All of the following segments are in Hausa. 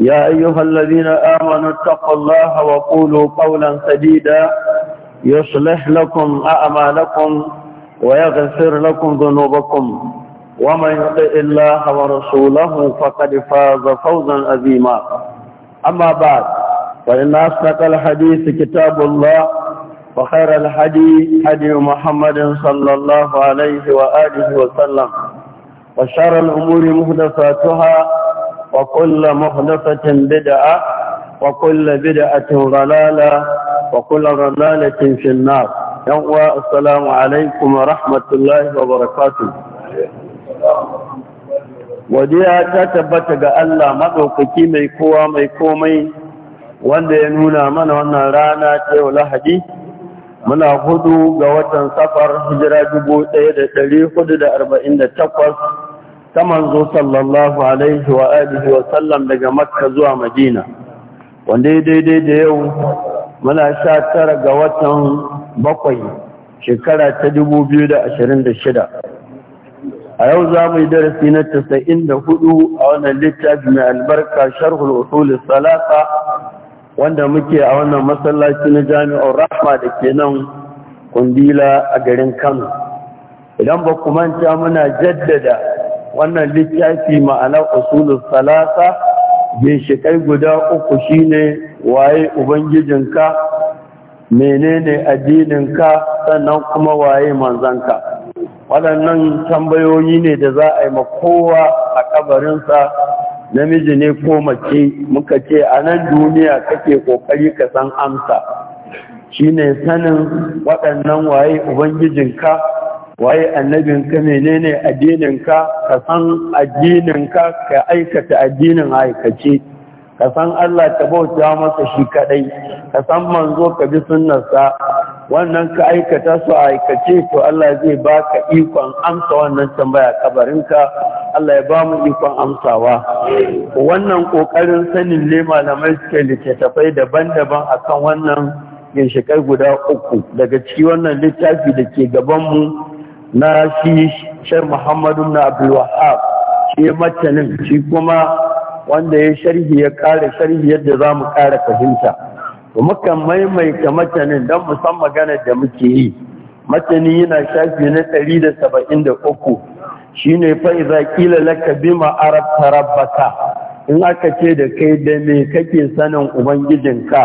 يا أيها الذين آمنوا اتقوا الله وقولوا قولا سديدا يصلح لكم أعمالكم ويغفر لكم ذنوبكم ومن يطع الله ورسوله فقد فاز فوزا عظيما أما بعد فإن أصدق الحديث كتاب الله وخير الحديث حديث محمد صلى الله عليه وآله وسلم وشر الأمور مهدفاتها وكل مهدفة بدعة وكل بدعة ضلالة وكل ضلالة في النار يوى السلام عليكم ورحمة الله وبركاته وديا تتبت الله مدوكي ميكوى ميكومي wanda ya nuna mana wannan rana ta yau lahadi muna hudu ga watan safar hijira dubu ɗaya da ɗari hudu da arba'in da takwas ta manzo sallallahu alaihi wa alihi wa sallam daga makka zuwa madina wanda daidai da yau muna sha tara ga watan bakwai shekara ta dubu biyu da ashirin da shida a yau za mu yi darasi na tasa'in da hudu a wannan littafi mai albarka sharhul usulis salasa wanda muke a wannan masallaci na jami'ar rahma da ke nan kundila a garin kano idan ba ku manta muna jaddada wannan littafi ma'ana usulul salasa ginshiƙai guda uku shine waye ubangijinka menene addininka sannan kuma waye manzanka waɗannan tambayoyi ne da za a yi ma kowa a kabarinsa namiji ne ko mace muka ce a nan duniya kake kokari ka san amsa shine sanin waɗannan waye ubangijinka waye annabinka menene addininka ka san addininka ka aikata addinin aikace ka san Allah ka bauta masa shi kadai ka san manzo ka bi sunnarsa wannan ka aikata su aikace to Allah zai baka ikon amsa wannan tambaya kabarinka Allah ya bamu ikon amsawa wannan kokarin sanin ne malamai suke littattafai daban-daban akan wannan ginshikai guda uku daga ciki wannan littafi da ke mu na shi shar Muhammadu na Abdul Wahab shi matanin shi kuma wanda ya sharhi ya kare sharhi yadda za mu kare fahimta to muka maimaita matanin don mu san maganar da muke yi matani yana shafi na ɗari 173 shine fa iza qila laka bima Arab tarabbaka in aka ce da kai da me kake sanin ubangijinka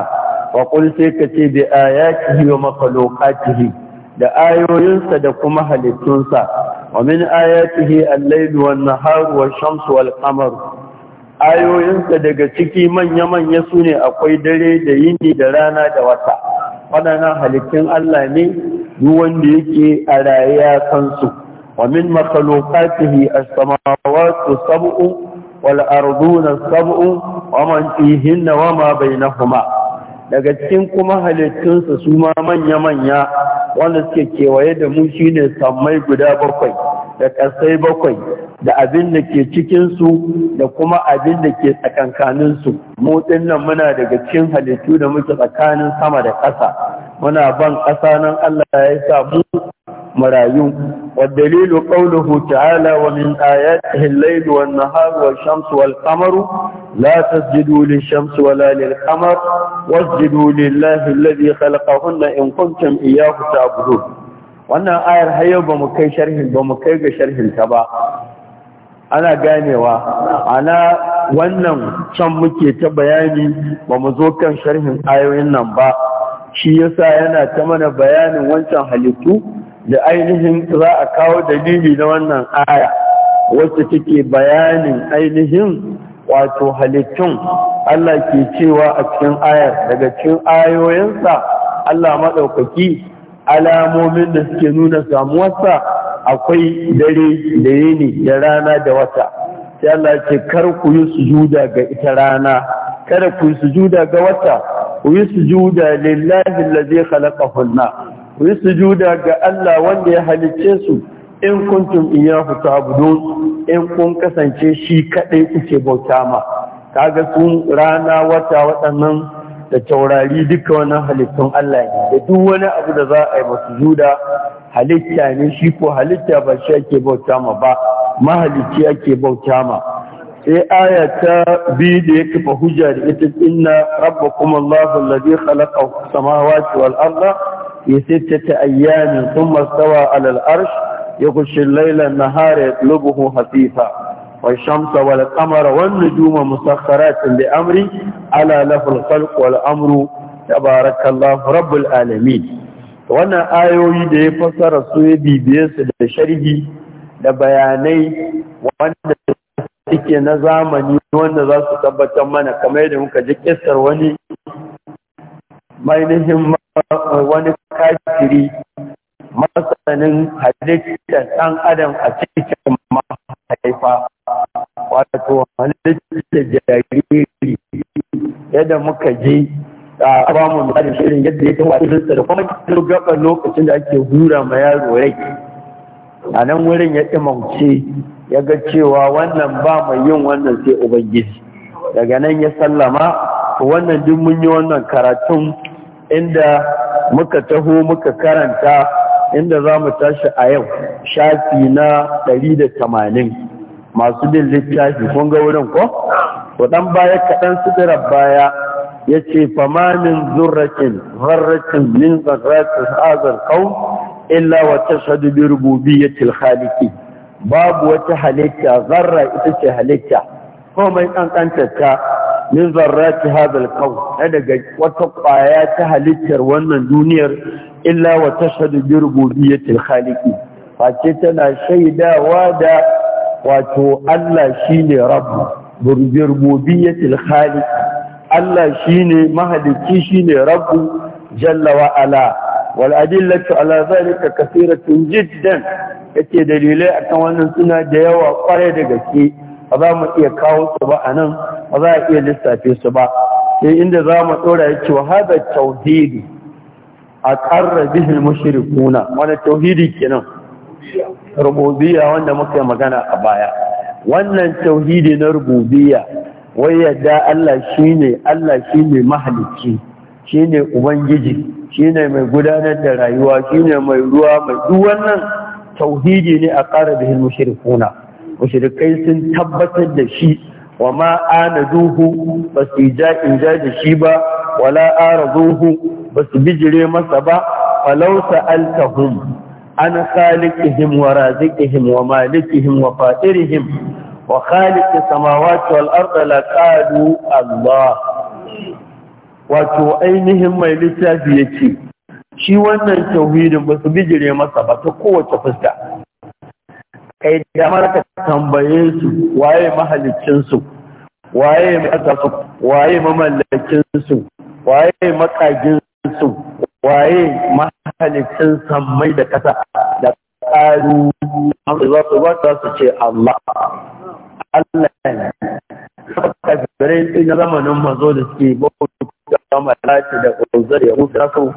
wa qul sai ka ce bi ayatihi wa makhluqatihi da ayoyinsa da kuma halittunsa wa min ayatihi al-layl wan naharu wash-shamsu wal qamaru ayoyinsa daga ciki manya-manya su ne akwai dare da yini da rana da wata waɗannan halittun Allah ne duk wanda yake a rayuwa kansu wa min makhluqatihi as-samawati sab'u wal arduna sab'u wa man fihinna wa ma bainahuma daga cikin kuma halittunsa su ma manya-manya wanda suke kewaye da mu shine sammai guda bakwai da ƙarsai bakwai da abin da ke cikinsu da kuma abin da ke tsakankaninsu. Mu nan muna daga cikin halittu da muke tsakanin sama da ƙasa. Muna ban ƙasa nan Allah ya yi samu marayu. Waddalilu ƙaunuhu ta'ala wa min ayatihin laylu wa nahar wa shamsu wal qamaru la tasjudu lil shamsi wa la lil qamar wasjudu lillahi alladhi khalaqahunna in kuntum iyyahu wannan ayar hayo ba mu kai sharhin ba mu kai ga sharhin ta ba ana ganewa ana wannan can muke ta bayani ba mu zo kan sharhin ayoyin nan ba shi yasa yana ta mana bayanin wancan halittu da ainihin za a kawo dalili na wannan aya wacce take bayanin ainihin wato halittun Allah ke cewa a cikin ayar daga cikin ayoyinsa Allah maɗaukaki alamomin da suke nuna samuwarsa akwai dare da yini da rana da wata sai Allah ce kar ku yi sujuda ga ita rana kada ku yi sujuda ga wata ku yi sujuda lillahi allazi khalaqahunna ku yi sujuda ga Allah wanda ya halicce su in kuntum iyyahu ta'budun in kun kasance shi kadai kuke bauta ma kaga sun rana wata waɗannan da taurari duka wani halittun Allah ne da duk wani abu da za a yi masu juda halitta ne shi ko halitta ba shi ake bauta ma ba mahalicci ake bauta ma sai aya ta biyu da ya kafa hujja da ita inna rabbakum Allahu alladhi khalaqa samawati wal arda fi sittati ayyamin thumma stawa ala al arsh yaghshi al-layla an-nahara yatlubuhu hasifa والشمس والقمر والنجوم مسخرات بأمري على له الخلق والأمر تبارك الله رب العالمين وانا آيوي دي فسر سوي بي بيس لشرهي لبياني وانا suke na zamani wanda za su tabbatar mana kamar yadda muka ji kisar wani mainihin masanin halittar ɗan adam a cikin halittar jariri yadda muka je a abamu da shirin yadda ya tawa da kuma kiru gaba lokacin da ake hura ma yaro rai a nan wurin ya imamce ya ga cewa wannan ba mai yin wannan sai ubangiji daga nan ya sallama wannan duk mun yi wannan karatun inda muka taho muka karanta inda za mu tashi a yau shafi na ɗari da tamanin. masu bin littafi kun ga wurin ko to dan baya kaɗan sidira baya ya ce fama min zurrakin zarrakin min zarrakin hazar kau illa wata shadu bi rububiyyatil khaliki babu wata halitta zarra ita ce halitta komai kankantarta min zarrati hadal na daga wata kwaya ta halittar wannan duniyar illa wata shadu bi rububiyyatil khaliki face tana shaidawa da wato Allah shine rabu burbiyyar khaliq Allah shine mahalicci shine rabu jalla wa ala wal adillatu ala zalika kathiratun jiddan yake dalilai a kan wannan suna da yawa kwarai da gaske ba za mu iya kawo su ba anan ba za a iya lissafe su ba sai inda za mu dora yace wa hada tauhidi a qarra bihi mushrikuna Wani tauhidi kenan Rububiya wanda muka magana a baya wannan tauhidi na rububiya. wai yadda Allah shine Allah shine mahalicci shine ubangiji shine mai gudanar da rayuwa shine mai ruwa mai duk wannan tauhidi ne a ƙara da mushrikuna mushrikai sun tabbatar da shi wa ma anaduhu ba su ja in ja da shi ba wala araduhu ba su bijire masa ba falau sa'altahum an khaliqihim wa raziqihim wa malikihim wa fatirihim wa khaliqis samawati wal ardi laqalu Allah wato ainihin mai littafi ya ce. shi wannan tauhidin ba su bijire masa ba ta kowace fuska kai da maraka tambaye su waye mahalicin su waye su? waye mamallakin su waye makagin su waye mahalicin sammai da ƙasa da tsaru za su ba su ce Allah Allah ne shi na zamanin mazo da suke bauta da malaki da ƙozar ya rufe rasu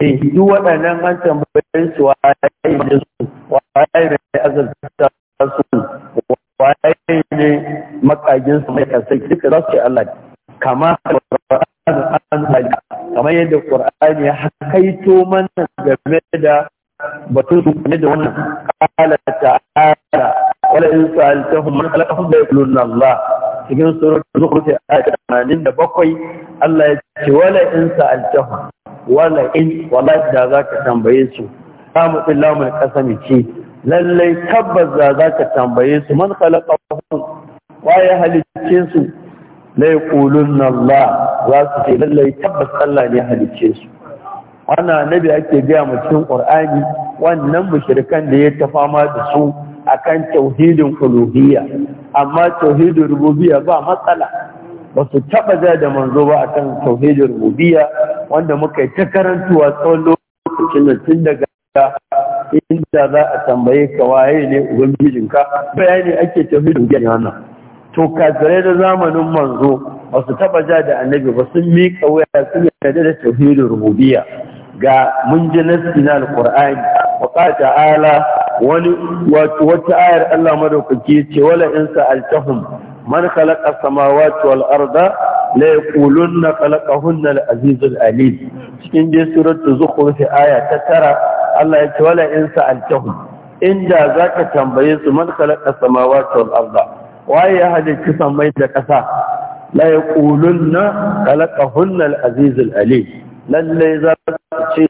eh duk waɗannan an tambayin su waye ne su waye ne azalta su waye ne makagin su mai kasai duka za su ce Allah kama an halika kamar yadda ƙur'ani ya hakaito mana game da batun su da wannan ƙala ta'ala wala in sa'altahum man khalaqahum la yaquluna Allah cikin suratul zukhruf ayat 87 Allah ya ce wala in sa'altahum wala in wallahi da zaka tambaye su kamu illahu mai kasami ce lallai tabbas da zaka tambaye su man khalaqahum wa ya halicce su la yaquluna Allah za su ce lallai tabbas Allah ne halicce su wannan annabi ake biya mu cikin Qur'ani wannan mushrikan da ya fama da su akan tauhidin uluhiyya amma tauhidin rububiyya ba matsala ba su taba za da manzo ba akan tauhidin rububiyya wanda muka ta karantuwa tsawon lokacin da tun daga inda za a tambaye ka waye ne ubangijinka bayani ake tauhidin gani wannan to kafirai da zamanin manzo ba su taba ja da annabi ba sun miƙa waya sun kada da tauhidin rububiyya ga mun ji nasi na alqur'ani wa qala ta'ala wani wata ayar Allah madaukaki ce wala in sa'altahum man khalaqa samawati wal arda la yaquluna khalaqahunna al azizul alim cikin dai suratul zukhruf aya ta tara Allah ya ce wala in sa'altahum inda zaka tambaye su man khalaqa samawati wal arda waye ya halicci mai da ƙasa la yaqulunna na, al-aziz al-alim lalle za ce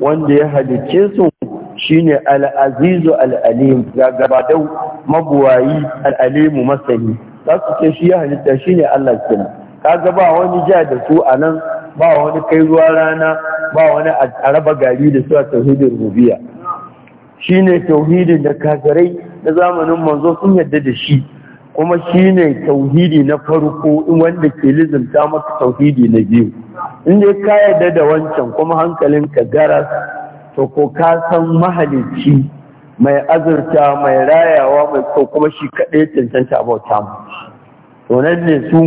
wanda ya halicce su shine al-aziz al-alim gabadau mabuwayi al-alim masani za su ce shi ya halitta shine Allah kina kaga ba wani ja da su anan ba wani kai ruwa rana ba wani a raba gari da su a tauhidin rubiya shine tauhidin da kafirai na zamanin manzo sun yadda da shi kuma shi ne tauhidi na farko in wanda ke ta maka tauhidi na biyu in dai ka yarda da wancan kuma ka ka to ko ka san mahalicci mai azurta mai rayawa mai kyau, kuma shi kaɗai cancanta a bauta mu to nan ne su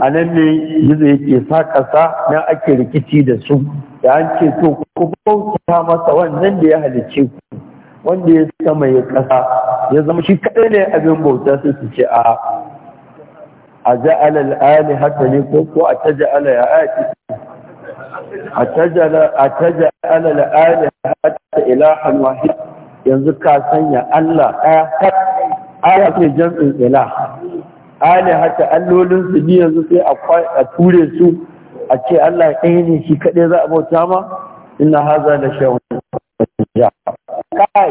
a nan ne yanzu yake sa ƙasa na ake rikici da su da an ce to ku bauta masa wannan da ya halicce ku wanda ya sama ya ƙasa ya zama shi kaɗai ne abin bauta sai su ce a a ja'ala al'ali haka ne ko ko a ta ja'ala ya ayati a ta ja'ala al'ali haka ilahan wahid yanzu ka sanya Allah ɗaya aya ce jam'in ila ali hata allolin su ne yanzu sai a ture su a ce Allah ɗaya ne shi kaɗai za a bauta ma ina haza da shawun kai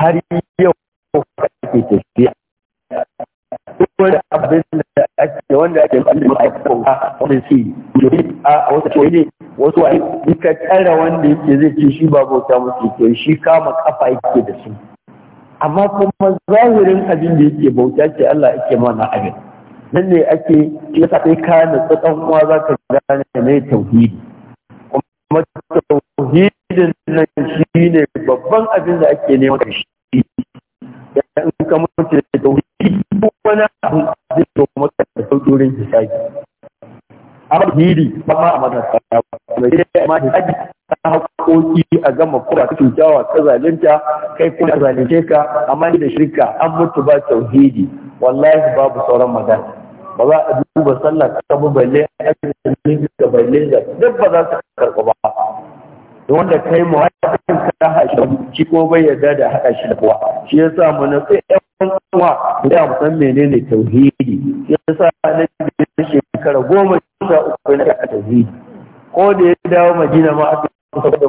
har yau ake tafiya wani abin da ake wanda ake wanda ma'aikatan a wani si a wasu ce ne wasu ai ka tsara wanda yake zai ce shi ba bauta musu ke shi kama kafa yake da su amma kuma zahirin abin da yake bauta ce Allah yake mana abin nan ne ake yasa kai ka nutsa dan uwa ka gane mai tauhidi kuma tauhidin nan shi ne babban abin da ake neman da shi in ka mutu da tauhidi wani abin zai zo maka da sauƙorin hisabi amma tauhidi ba ma a matasa ba sai amma hisabi ta haƙoƙi a gama kura ta cutawa ka zalunta kai kuma zalunce ka amma da shirka an mutu ba tauhidi wallahi babu sauran magana ba za a duba sallah ta balle a cikin da balle da duk ba za su karɓa ba da wanda kai mu wajen ka hashi shi ko bai yarda da haɗa shi da kowa shi sa mu na sai ɗan uwa da mu san menene tauhidi sa na shekara goma sha uku na ka tauhidi ko da ya dawo madina ma aka kusa da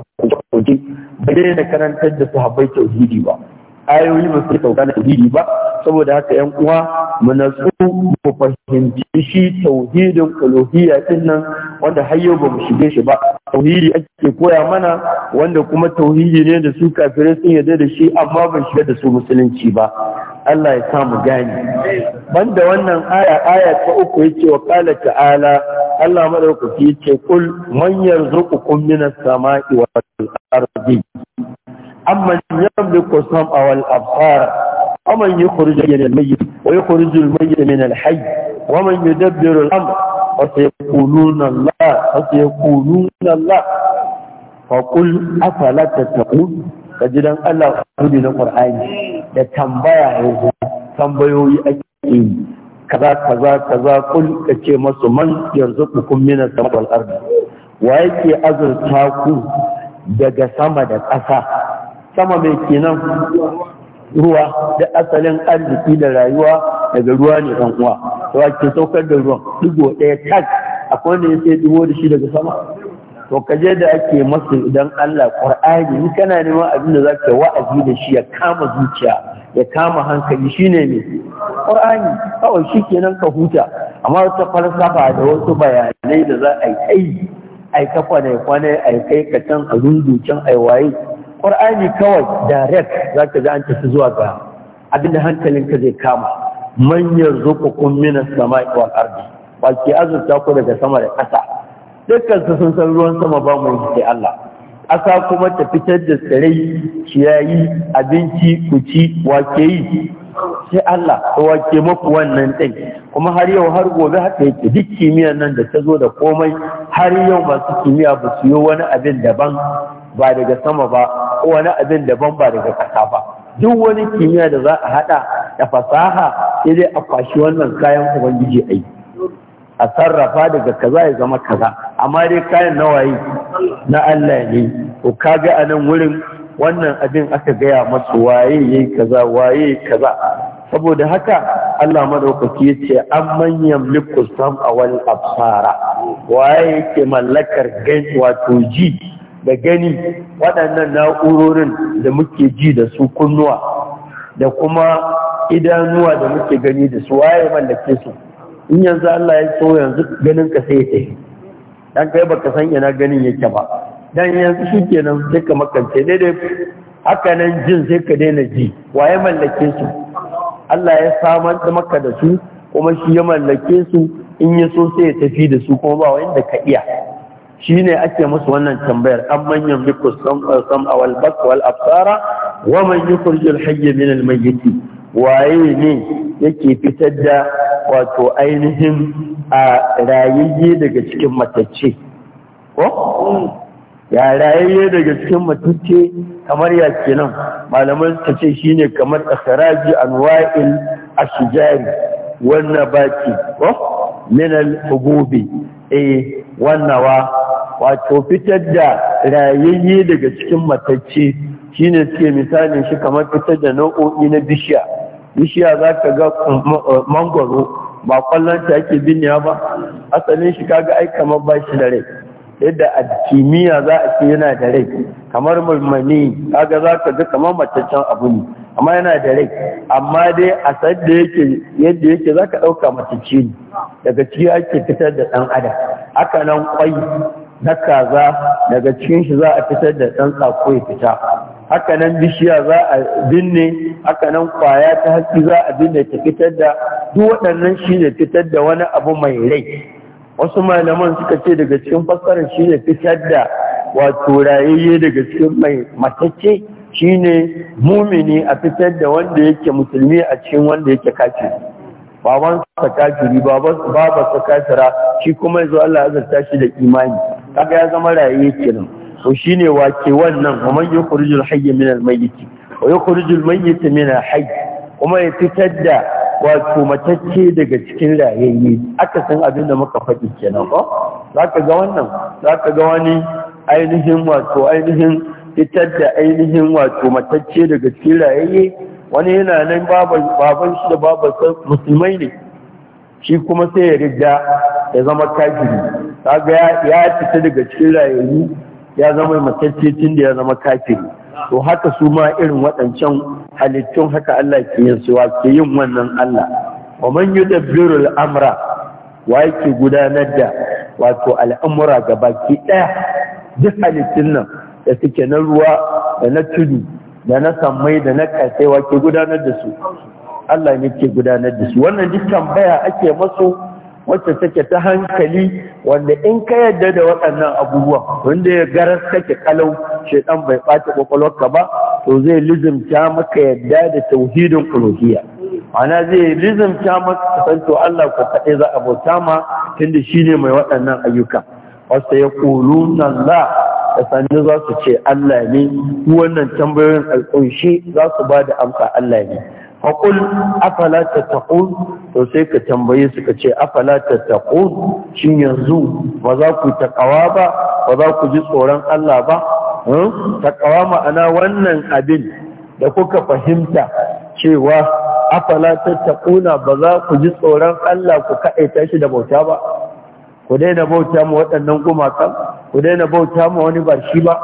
kuɗi bai daina karantar da sahabbai tauhidi ba ayoyi ba su sauka na tauhidi ba saboda haka yan uwa mu natsu mu fahimci shi tauhidin uluhiyya din nan wanda har yau ba mu shige shi ba tauhidi ake koya mana wanda kuma tauhidi ne da su kafirai sun yarda da shi amma ba shiga da su musulunci ba Allah ya samu gani banda wannan aya aya ta uku yace wa qala ta'ala Allah madaukaki yace kul man yarzuqukum minas sama'i wal ardi أمن يملك السمع والأبصار ومن يخرج من الميت ويخرج الميت من الحي ومن يدبر الأمر وسيقولون الله وسيقولون الله فقل أفلا تتقون فجد أن الله قد القرآن ده تنبيه تنبيه إيه؟ أكيد kaza كذا كذا kul kace masu man من min as-samai wal ardi wa yake azurta ku daga sama mai kenan ruwa da asalin arziki da rayuwa daga ruwa ne 'yan uwa to ake saukar da ruwan digo ɗaya tak akwai ne ya sai digo da shi daga sama to kaje da ake masu idan Allah Qur'ani in kana neman abin da zaka wa'azi da shi ya kama zuciya ya kama hankali shine ne Qur'ani kawai shikenan ka huta amma wata falsafa da wasu bayanai da za a yi ai ai ka kwane kwane ai kai ka can a rundu can ai waye ƙwar'ani kawai direct za ka ji an tafi zuwa ga abinda ka zai kama manyan zukukun minas sama ma'aikawar ardi ba ke azurta ku daga sama da ƙasa dukkan su sun san ruwan sama ba mu sai Allah ƙasa kuma ta fitar da tsirai ciyayi abinci ku ci wake yi sai Allah wake maku wannan ɗin kuma har yau har gobe haka yake duk kimiyyar nan da ta zo da komai har yau masu kimiyya ba su yi wani abin daban ba daga sama ba wani abin daban ba daga ƙasa ba duk wani kimiyya da za a haɗa da fasaha sai dai a kwashi wannan kayan ubangiji a yi a sarrafa daga kaza ya zama kaza amma dai kayan nawayi na Allah ne to kaga a nan wurin wannan abin aka gaya masu waye yayi kaza waye kaza saboda haka Allah madaukaki yace amman yamliku a wani absara waye yake mallakar gani wato ji da gani waɗannan na'urorin da muke ji da su kunnuwa da kuma idanuwa da muke gani da su waye mallake su in yanzu Allah ya so yanzu ganin ka sai ya tafi dan kai baka san ina ganin yake ba dan yanzu shikenan sai ka makance dai haka nan jin sai ka daina ji waye mallake su Allah ya samar da maka da su kuma shi ya mallake su in ya so sai ya tafi da su kuma ba wanda ka iya Shi ne ake musu wannan tambayar an manyan biku sam awal bak wal absara wa man yukhrijul hayy min al mayyit waye ne yake fitar da wato ainihin a rayayye daga cikin matacce ko ya rayayye daga cikin matacce kamar ya kenan malaman ta ce shine kamar akhraji anwa'il ashjari wan nabati ko min al eh wannawa wato fitar da rayayye daga cikin matacce shine suke misali shi kamar fitar da nau'o'i na bishiya bishiya za ka ga um, uh, mangwaro ba kwallon ta ake binniya ba asalin shi kaga ai kamar ba shi da rai yadda a kimiyya za a ce yana da rai kamar mulmani kaga za ka ga kamar mataccen abu ne amma yana da rai amma dai a sadda yake yadda yake zaka ɗauka matacce ne daga ciki ake fitar da dan adam haka nan kwai na kaza daga cikin shi za a fitar da dan sako ya fita haka nan bishiya za a binne haka nan kwaya ta haske za a binne ta fitar da duk waɗannan shi ne fitar da wani abu mai rai wasu malaman suka ce daga cikin fassarar shi ne fitar da wato rayayye daga cikin mai matacce shine mumini a fitar da wanda yake musulmi a cikin wanda yake kafiri baban ka kafiri baban baba sa kafira shi kuma yazo Allah azurta shi da imani kaga ya zama raye kenan to shine wake wannan amman yukhrijul hayy min al mayyit wa yukhrijul mayyit min al hayy kuma ya fitar da wato matacce daga cikin rayayye aka san abin da muka faɗi kenan ko zaka ga wannan zaka ga wani ainihin wato ainihin fitar da ainihin wato matacce daga cikin wani yana nan baban shi da baban musulmai ne shi kuma sai ya riga ya zama kafiri kaga ya fita daga cikin ya zama matacce tun da ya zama kafiri to haka su ma irin waɗancan halittun haka Allah ke yin su ke yin wannan Allah wa man yudabbiru al-amra wa yake gudanar da wato al'amura gabaki ɗaya duk halittun nan da suke na ruwa da na tudu da na sammai da na kasaiwa ke gudanar da su Allah ne ke gudanar da su wannan duk tambaya ake masu wacce take ta hankali wanda in ka yadda da waɗannan abubuwa wanda ya garas kake kalau shaidan bai ɓata ƙwaƙwalwarka ba to zai lizimta maka yadda da tauhidin uluhiyya ana zai lizimta maka san Allah ko kaɗai za a bauta ma tunda ne mai waɗannan ayyuka wasu ya nan za. da za su ce Allah ne wannan tambayoyin alƙunshi za su ba da amsa Allah ne Haƙul, afala taƙun, to sai ka tambaye su ka ce afala taƙun shin yanzu ba za ku taƙawa ba ba za ku ji tsoron Allah ba hmm? taƙawa ma'ana wannan abin da kuka fahimta cewa afala taƙuna ba za ku ji tsoron Allah ku kaɗaita shi da bauta ba ku daina bauta mu waɗannan gumakan ku daina bauta mu wani ba shi ba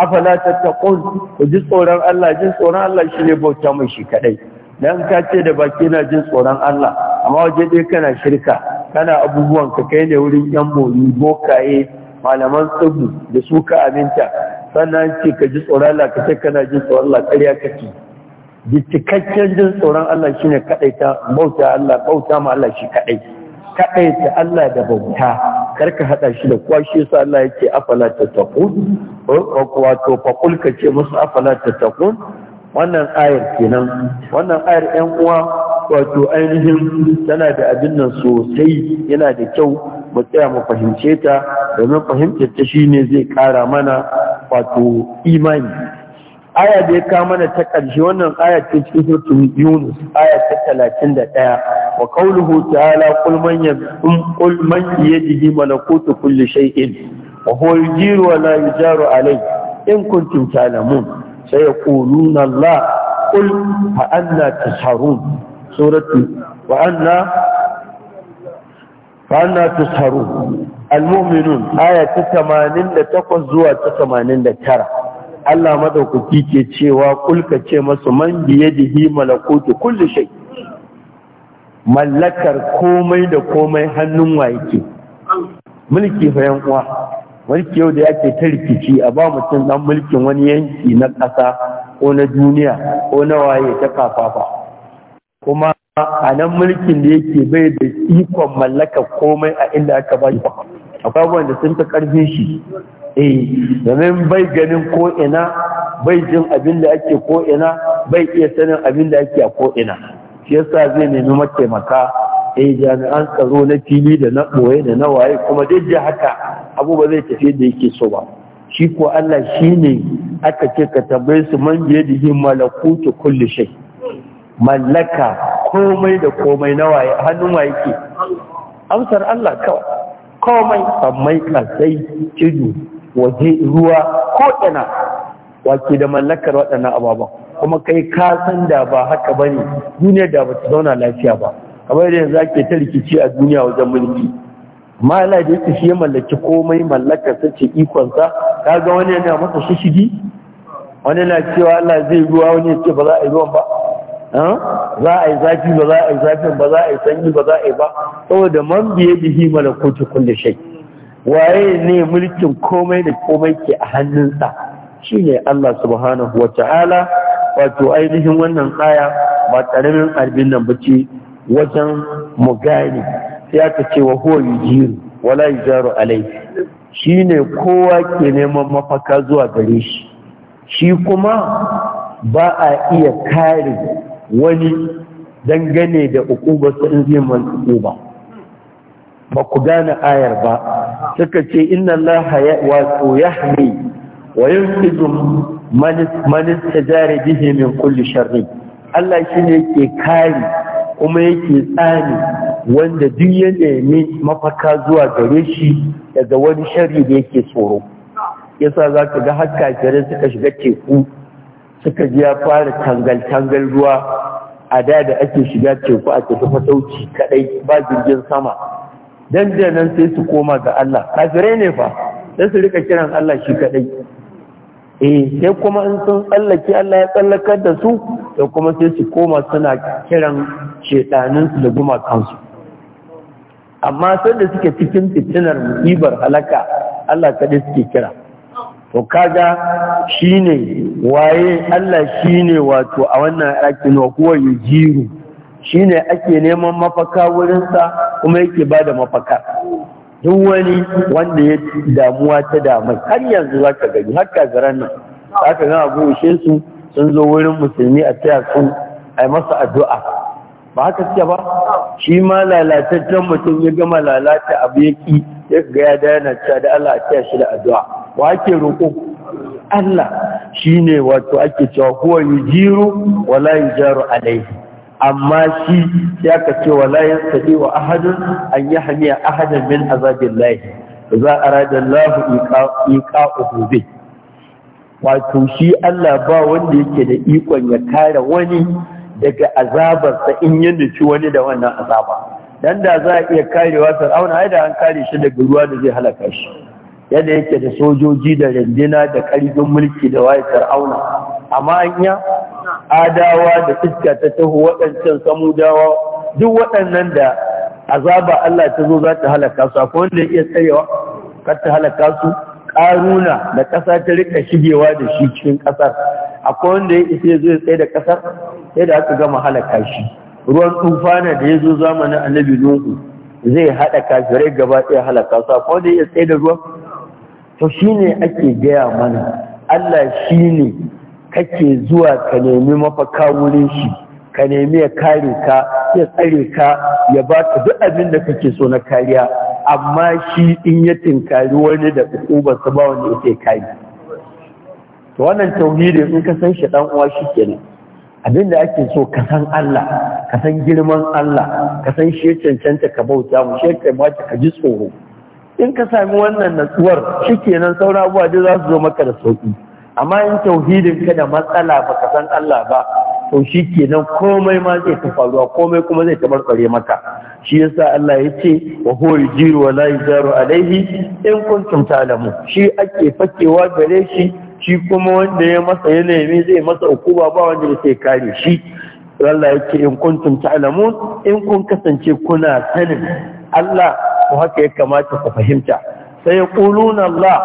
afala tattaqun ku ji tsoron Allah jin tsoron Allah shine bauta mu shi kadai dan ka ce da baki na jin tsoron Allah amma waje dai kana shirka kana abubuwan ka kai ne wurin yan boyi bokaye malaman tsubu da su ka aminta sannan ce ka ji tsoron Allah ka ce kana jin tsoron Allah ƙarya kake ji cikakken jin tsoron Allah shine kadai ta bauta Allah bauta ma Allah shi kadai kaɗaita Allah da bauta karka haɗa shi da kuwa shi yasa Allah yake afala tattaqun wato faqul ka ce musu afala tattaqun wannan ayar kenan wannan ayar 'yan uwa wato ainihin tana da abin nan sosai yana da kyau mu tsaya mu fahimce ta domin fahimtar ta shine zai ƙara mana wato imani aya da ya kawo mana ta ƙarshe wannan aya ce cikin surtun yunus aya ta talatin da ɗaya wa kauluhu ta'ala kul man yazum kul man yadihi malakutu kulli shay'in wa huwa yujiru wa la yujaru alayhi in kuntum ta'lamun sai yaquluna allah kul fa anna tasharun suratu wa anna fa anna tasharun al aya ta 88 zuwa ta 89 Allah madaukaki ke cewa kulka ce masu man biye dihi malakutu kulle shay mallakar komai da komai hannun wa yake mulki fa uwa mulki yau da yake ta rikici a ba mutum dan mulkin wani yanki na ƙasa ko na duniya ko na waye ta kafafa kuma a nan mulkin da yake bai da ikon mallakar komai a inda aka ba shi akwai wanda sun ta ƙarfin shi eh domin bai ganin ko ina bai jin abin da ake ko ina bai iya sanin abin da ake a ko ina shi yasa zai nemi mataimaka eh jami'an tsaro na fili da na ɓoye da na waye kuma duk da haka abu ba zai tafi da yake so ba shi ko Allah shi ne aka ce ka tambaye su man biye da yin malakutu kulli shay mallaka komai da komai na waye hannun waye ke amsar Allah kawai komai sammai kasai kidu. waje ruwa ko ina wake da mallakar waɗannan ababen kuma kai ka san da ba haka ba ne duniya da ba ta zauna lafiya ba kamar yadda yanzu ake ta rikici a duniya wajen mulki amma Allah da yake shi ya mallaki komai mallakar sa ce ikonsa ka ga wani yana masa shishigi wani na cewa Allah zai ruwa wani ya ce ba za a yi ruwan ba za a yi zafi ba za a yi zafin ba za a yi sanyi ba za a yi ba saboda man biye bihi malakutu kulle shai. waye ne mulkin komai da komai ke a hannunsa shine Allah subhanahu wa ta'ala wato ainihin wannan aya ba ƙaramin arbin nan bace wajen mu gane sai aka ce wa huwa yujiru wala yujaru alai Shi ne kowa ke neman mafaka zuwa gare shi shi kuma ba a iya kare wani dangane da ukubarsa in zai man ba ku gane ayar ba suka ce inna allaha ya wato yahmi wa yunqizu man man tajara bihi min kulli sharri Allah shine yake kare kuma yake tsani wanda duk ya nemi mafaka zuwa gare shi daga wani sharri da yake tsoro yasa zaka ga har kafirai suka shiga teku suka ji ya fara tangal-tangal ruwa a da da ake shiga teku a tafi fatauci kadai ba jirgin sama dan dandanan sai su koma ga Allah kafirai ne fa sai su rika kiran Allah shi kadai eh sai kuma in sun tsallake Allah ya tsallakar da su da kuma sai su koma suna kiran shedanin su da kansu amma sai da suke cikin fitinar musibar halaka Allah kadai suke kira to kaga shine waye Allah shine wato a wannan aikin wa huwa yujiru ne ake neman mafaka wurinsa kuma yake ba da mafaka duk wani wanda ya damuwa ta damai har yanzu za ka gani har kazaran nan za ka gana gushe su sun zo wurin musulmi a taya sun a masa addu'a ba haka suke ba shi ma lalataccen mutum ya gama lalata abu ya ki ya ga ya dana cewa da Allah a taya shi da addu'a wa ake roƙo Allah shine wato ake cewa huwa yujiru wala yujaru alaihi amma shi ya ka ce wa la yastadi wa ahadun an yahmiya ahadan min layi. za arada Allah iqa'uhu bi wato shi Allah ba wanda yake da ikon ya kare wani daga azabarsa in ya nufi wani da wannan azaba dan da za a iya karewa fir'auna ai da an kare shi daga ruwa da zai halaka shi yadda yake da sojoji da rindina da karfin mulki da waye auna. amma anya adawa da fuska ta taho waɗancan samudawa duk waɗannan da azaba Allah ta zo za ta halaka su akwai wanda iya tsayawa kar ta halaka su ƙaruna da ƙasa ta rika shigewa da shi cikin ƙasar akwai wanda ya isa ya zo ya tsaye da ƙasar sai da aka gama halaka shi ruwan tufana da ya zo zamanin annabi nuhu zai haɗa kafirai gaba ɗaya halaka su akwai wanda ya tsaye da ruwan to shine ake gaya mana Allah shine kake zuwa ka nemi mafaka wurin shi ka nemi ya kare ka ya tsare ka ya ba ka duk abin da kake so na kariya amma shi in ya tinkari wani da ukubar sa ba ya yake kari to wannan tauhidin in ka san shi dan uwa shi kenan abin da ake so ka san Allah ka san girman Allah ka san shi cancanta ka bauta mu shi kai ma ka ji tsoro in ka sami wannan natsuwar shikenan saura abubuwa duk za su zo maka da sauki amma in tauhidin ka da matsala ba ka san Allah ba to shi kenan komai ma zai ta faruwa komai kuma zai tabarbare maka shi yasa Allah ya ce wa huwa jiru wa la alaihi in kuntum ta'lamu shi ake fakewa gare shi shi kuma wanda ya masa ya nemi zai masa hukuma ba wanda zai kare shi Allah ya ce in kuntum ta'lamu in kun kasance kuna sanin Allah ko haka ya kamata ku fahimta sai ya Allah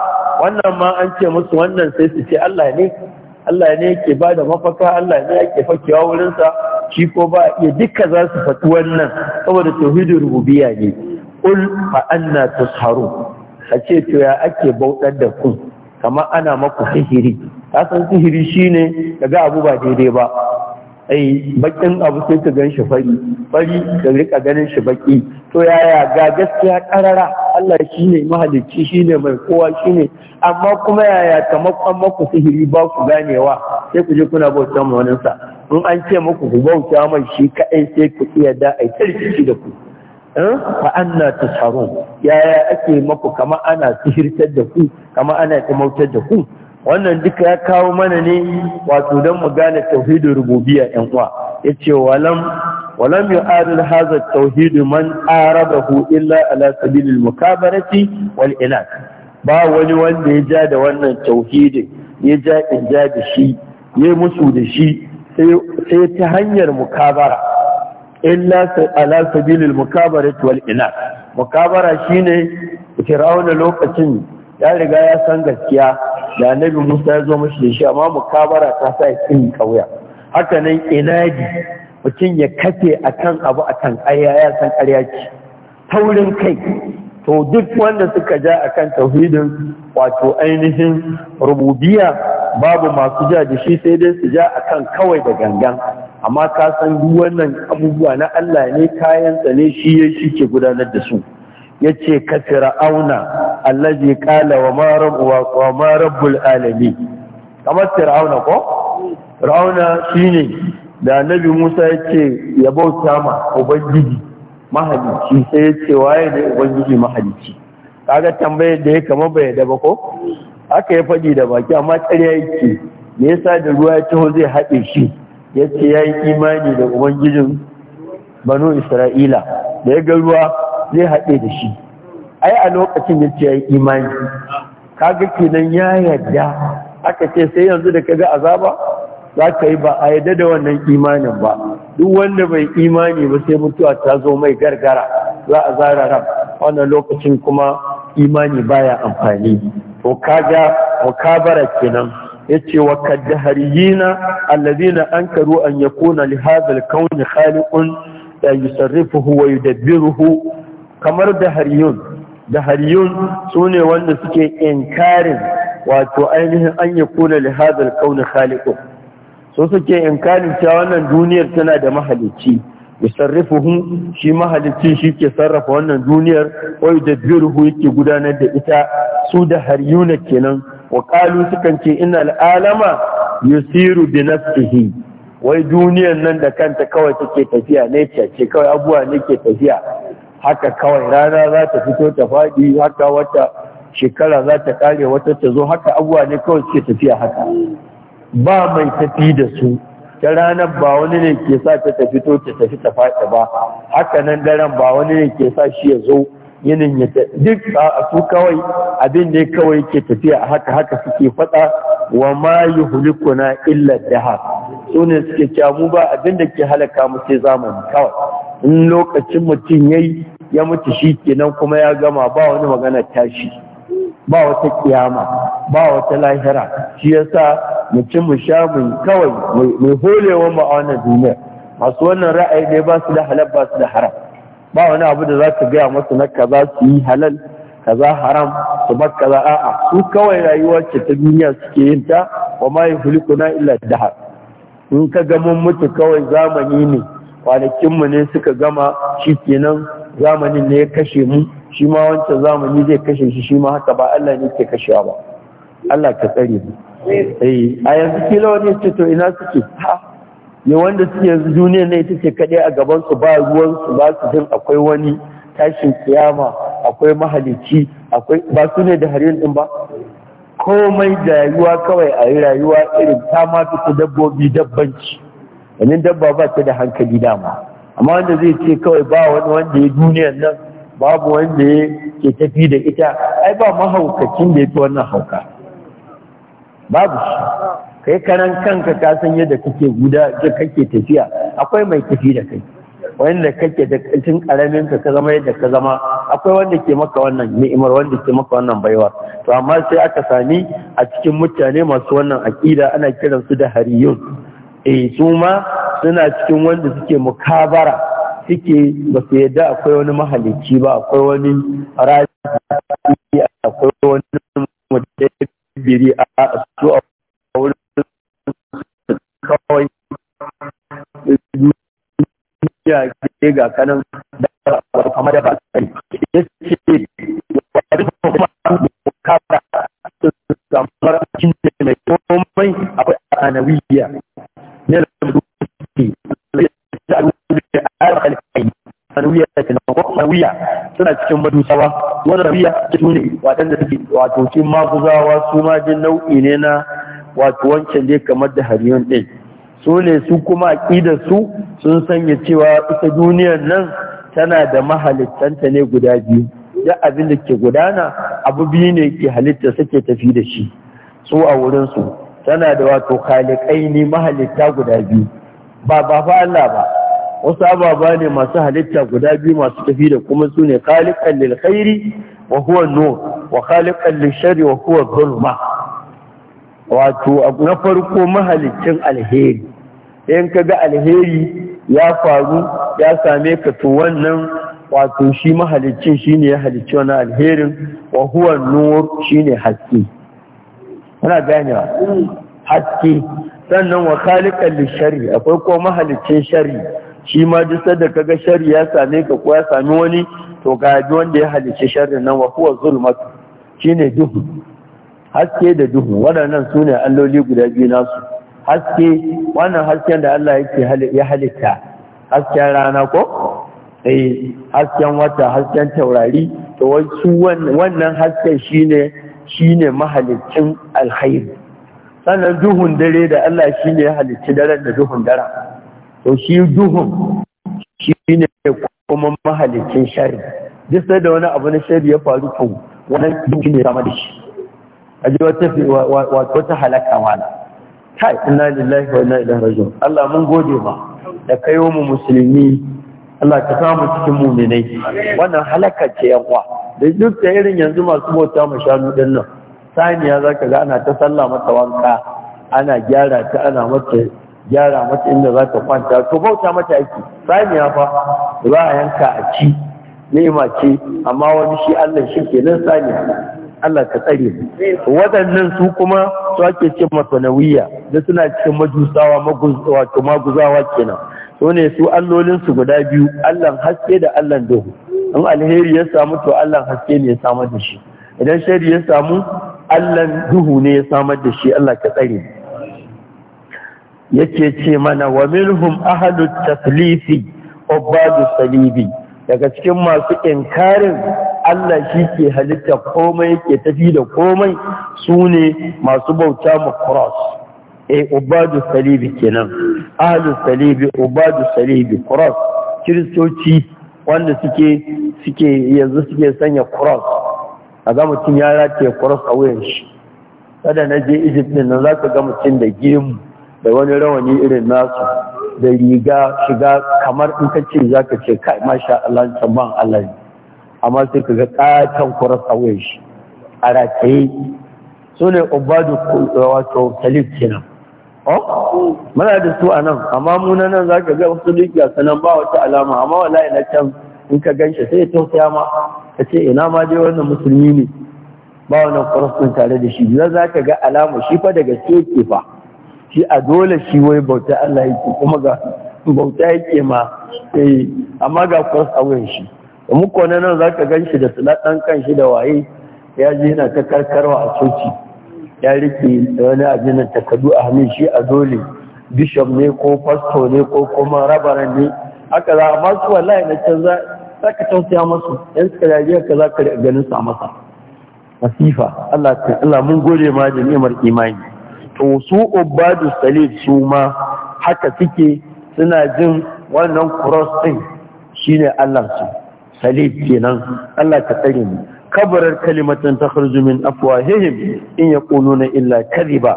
wannan ma an ce musu wannan sai su ce Allah ne Allah ne yake ba da mafaka Allah ne yake fakewa wurinsa shi ko ba ya duka za su faɗi wannan saboda tauhidin rububiyya ne ul fa anna tusharu a ce to ya ake bautar da ku kamar ana maku sihiri ka san sihiri shine kaga abu ba daidai ba ai bakin abu sai ka gan shi fari fari ka rika ganin shi baki to yaya ga gaskiya karara Allah shi ne, mahalicci shi ne, mai kowa shi ne. amma kuma yaya ta makon maku sihiri ba ku ganewa sai ku je kuna bauta ma wani sa in an ce maku ku bauta mai shi kaɗai sai ku iya da ai tarkici da ku eh? fa anna tasharun yaya ake maku kama ana sihirtar da ku kama ana kamautar da ku wannan duka ya kawo mana ne wato don mu gane tauhidin rububiyya yan uwa yace walam walam yi arin haza tauhidin man arabahu illa ala sabil mukabarati wal ba wani wanda ya ja da wannan tauhidin ya ja in ja da shi ya musu da shi sai ta hanyar mukabara illa ala mukabarati wal mukabara shine fir'auna lokacin ya riga ya san gaskiya da annabi musa ya zo mashi da shi amma mukabara ta sa kin kauya haka nan inadi mutum ya kafe akan abu akan ayya ya san ƙarya ce taurin kai to duk wanda suka ja akan tauhidin wato ainihin rububiya babu masu ja da shi sai dai su ja akan kawai da gangan amma ka san duk wannan abubuwa na Allah ne kayan tsane shi ya shi ke gudanar da su yace ka fir'auna allazi qala wa ma rabbu wa ma rabbul alamin kamar fir'auna ko fir'auna shine da annabi Musa yace ya bauta ma ubangiji mahalicci sai yace waye ne ubangiji mahalicci kaga tambayar da ya kama bai da ba ko aka ya faɗi da baki amma ƙarya yake me yasa da ruwa ya taho zai haɗe shi yace yayi imani da ubangijin banu Isra'ila da ya ga ruwa zai haɗe da shi ai a lokacin yace ce ya yi imani kaga kenan ya yarda aka ce sai yanzu da kaga azaba za ka yi ba a yarda da wannan imanin ba duk wanda bai imani ba sai mutuwa ta zo mai gargara za a zara ran wannan lokacin kuma imani baya amfani to kaga mukabara kenan yace wa kaddahariyina allazina ankaru an yakuna li hadha al-kawn khaliqun yusarrifuhu wa yudabbiruhu kamar da hariyun da hariyun su ne wanda suke inkarin wato ainihin an yi kuna lihazar kaunin khaliku su suke inkarin cewa wannan duniyar tana da mahalicci yusarrifuhu shi mahalicci shi ke sarrafa wannan duniyar wai da biruhu yake gudanar da ita su da haryuna kenan wa sukan ce ina al'alama yusiru bi nafsihi wai duniyar nan da kanta kawai take tafiya ne ce kawai abuwa ne ke tafiya haka kawai rana za ta fito ta faɗi haka wata shekara za ta ƙare wata ta zo haka abuwa ne kawai suke tafiya haka ba mai tafi da su ta ranar ba wani ne ke sa ta tafi to ta tafi ta faɗi ba haka nan daren ba wani ne ke sa shi ya zo yinin ya duk a su kawai abin ne kawai ke tafiya haka haka suke faɗa wa ma illar illa ha su ne suke kyamu, ba abin da ke halaka mu sai zamani kawai in lokacin mutum ya yi. ya mutu shi kenan kuma ya gama ba wani magana tashi ba wata kiyama ba wata lahira shi yasa mu ci mu sha mu kawai mu holewa mu a wannan duniya masu wannan ra'ayi dai ba su da halal ba su da haram ba wani abu da za ka gaya masa na kaza su yi halal kaza haram su bar kaza a'a su kawai rayuwa ce ta duniya suke yin ta wa ma yuhlikuna illa dahar in ka ga mun mutu kawai zamani ne kwanakin mu ne suka gama shi kenan. zamanin ne ya kashe mu shi ma wancan zamani zai kashe shi shi ma haka ba Allah ne ke kashewa ba Allah ka tsare mu eh a yanzu kila wani ce to ina suke ha ne wanda suke yanzu duniya ne ita ce kadai a gaban su ba ruwan su ba su jin akwai wani tashin kiyama akwai mahalici akwai ba su ne da harin din ba komai da rayuwa kawai a yi rayuwa irin ta ma dabbobi dabbanci wani dabba ba ta da hankali dama amma wanda zai ce kawai ba wani wanda ya duniyan nan babu wanda ya ke tafi da ita ai ba mahaukacin da ya fi wannan hauka babu shi kai kanan kanka ka san yadda kake guda da kake tafiya akwai mai tafi da kai wanda kake da cikin karamin ka zama yadda ka zama akwai wanda ke maka wannan ni'imar wanda ke maka wannan baiwa to amma sai aka sami a cikin mutane masu wannan aqida ana kiransu da hariyun eh su ma suna cikin wanda suke mukabara suke ba su yadda akwai wani mahalicci ba akwai wani rafi akwai wani mudabbiri a su a wurin kawai duniya ke ga kanan da kuma da ba sai ya ce akwai anawiya من المدوكي sanawiya da tilakon sanawiya suna cikin madusawa wani rabiya ta tuni waɗanda suke wato cikin maguzawa su ma jin nau'i ne na wato wancan dai kamar da hariyon ɗin su ne su kuma aƙidar su sun sanya cewa ita duniyar nan tana da mahalittanta ne guda biyu duk abin da ke gudana abu biyu ne ke halitta suke tafi da shi su a wurinsu tana da wato khaliƙai ne mahalitta guda biyu ba ba fa Allah ba wasu ababa ne masu halitta guda biyu masu tafi da kuma su ne khaliqan lil khairi wa huwa nur wa khaliqan lil sharri wa huwa dhulma wato na farko mahalicin alheri in ka ga alheri ya faru ya same ka to wannan wato shi mahalicin shine ya halicci wannan alherin wa huwa nur shine haske muna ganewa haske sannan wa khaliqan lishari akwai ko mahalicce shari shi ma duk da kaga shari ya same ka ko ya sami wani to ga wanda ya halicce sharrin nan wa huwa zulmat shine duhu haske da duhu waɗannan su ne alloli guda biyu nasu haske wannan hasken da Allah yake ya halitta hasken rana ko eh hasken wata hasken taurari to wannan hasken shine Shi ne mahalicin alkhairi sannan duhun dare da Allah shi ne halicci daren da duhun daren to shi duhun ne kuma mahalicin shari duk sai da wani abu na shari ya faru to wannan duhun ne sama da shi aje wata wata halaka mana kai inna lillahi wa ina ilaihi raji'un Allah mun gode ma da kayo mu musulmi Allah ka samu cikin muminai wannan halaka ce yawa da duk da irin yanzu masu bauta mu shanu din nan saniya zaka ga ana ta sallah mata wanka ana gyara ta ana mata gyara mata inda za kwanta to bauta mata aiki saniya fa za a yanka a ci ni'ima ce amma wani shi Allah shi ke nan saniya Allah ka tsare waɗannan su kuma su ake ce masanawiya da suna cikin majusawa wato maguzawa kenan su ne su allolinsu guda biyu allan haske da allan duhu in alheri ya samu to allan haske ne ya samar da shi idan shari ya samu allan duhu ne ya samar da shi allah ka tsare yake ce mana wa minhum ahlut taslifi ubadu salibi daga cikin masu inkarin Allah shi ke halitta komai ke tafi da komai su ne masu bauta macros. cross eh ubadu salibi kenan ahlu salibi ubadu salibi cross kiristoci wanda suke suke yanzu suke sanya cross a ga mutum ya rataye cross a wuyan shi kada na je Egypt din nan zaka ga mutum da gemu da wani rawani irin nasu da riga shiga kamar in ka ce zaka ce kai masha Allah ban Allah amma sai ka ga katan cross a wuyan shi a rataye sune ne ubadu wato talib kenan Oh? mana da su a nan amma muna nan za ka ga wasu dukiya sanan ba wata alama amma wala na can in ka ganshi sai ya tausaya ma ka ce ina ma dai wannan musulmi ne ba wannan kwarasun tare da shi za za ka ga alama shi fa daga gaske ke fa shi a dole shi wai bauta Allah yake kuma ga bauta yake ma eh amma ga cross a wuyan shi mu kona nan za ka ganshi da sulatan kan shi da waye ya je yana ta karkarwa a coci ya rike wani abin takardu a hannun shi a dole bishop ne ko pasto ne ko kuma rabaran ne haka za a masu wallahi na can za ka tausaya masu yan suka yaji ka za ka ganin sa masa masifa Allah Allah mun gode ma da ni'imar imani to su obadu salif su ma haka suke suna jin wannan cross din shine Allah su salif kenan Allah ka tsare mu kabarar kalimatan ta min afuwahihim in ya na illa kariba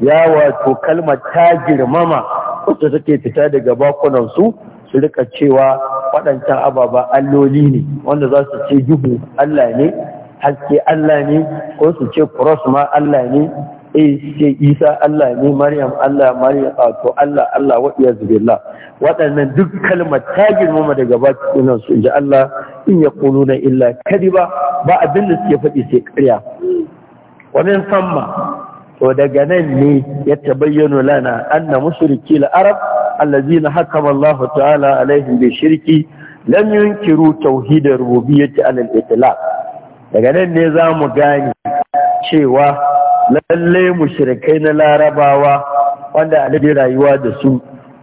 ya wato kalmar ta girmama wacce take fita daga bakunansu su rika cewa waɗancan ababa alloli ne wanda za su ce juhu Allah ne haske Allah ne ko su ce cross ma Allah ne eh ce Isa Allah ne Maryam Allah Maryam ah, to Allah Allah wa iyyaz waɗannan duk kalmar ta girmama daga bakunansu su inji Allah in ya kulu na illa kadiba ba abin da suke faɗi sai ƙarya wannan samma to daga nan ne ya bayyana lana anna mushriki al-arab allazina hakama Allah ta'ala alaihim bi shirki lam yunkiru tauhid rububiyyati ala al-itlaq daga nan ne za mu gane cewa lalle mushrikai na larabawa wanda alabi rayuwa da su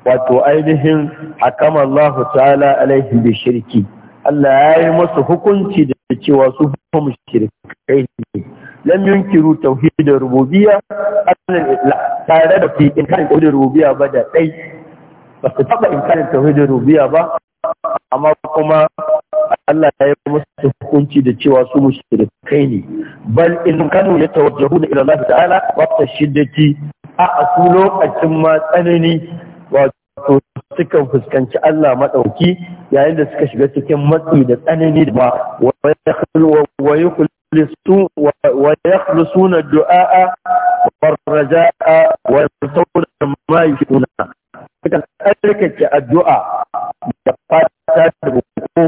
wato ainihin hakama Allah ta'ala alaihim bi shirki Allah ya yi masa hukunci da cewa su fa mushrikai ne lam yunkiru tauhid rububiyya annal tare da fi inkarin tauhid rububiyya ba da dai ba su taba inkarin tauhid rububiyya ba amma kuma Allah ya yi masa hukunci da cewa su mushrikai ne bal in kanu yatawajjahuna ila Allah ta'ala Wata shiddati a su lokacin ma tsanani wato Sukan fuskanci Allah maɗauki yayin da suka shiga cikin matsi da tsanani da ba wa yakhlusuna du'a war raja'a wa yasawna ma yashuna suka tsarkake addu'a da fata da roƙo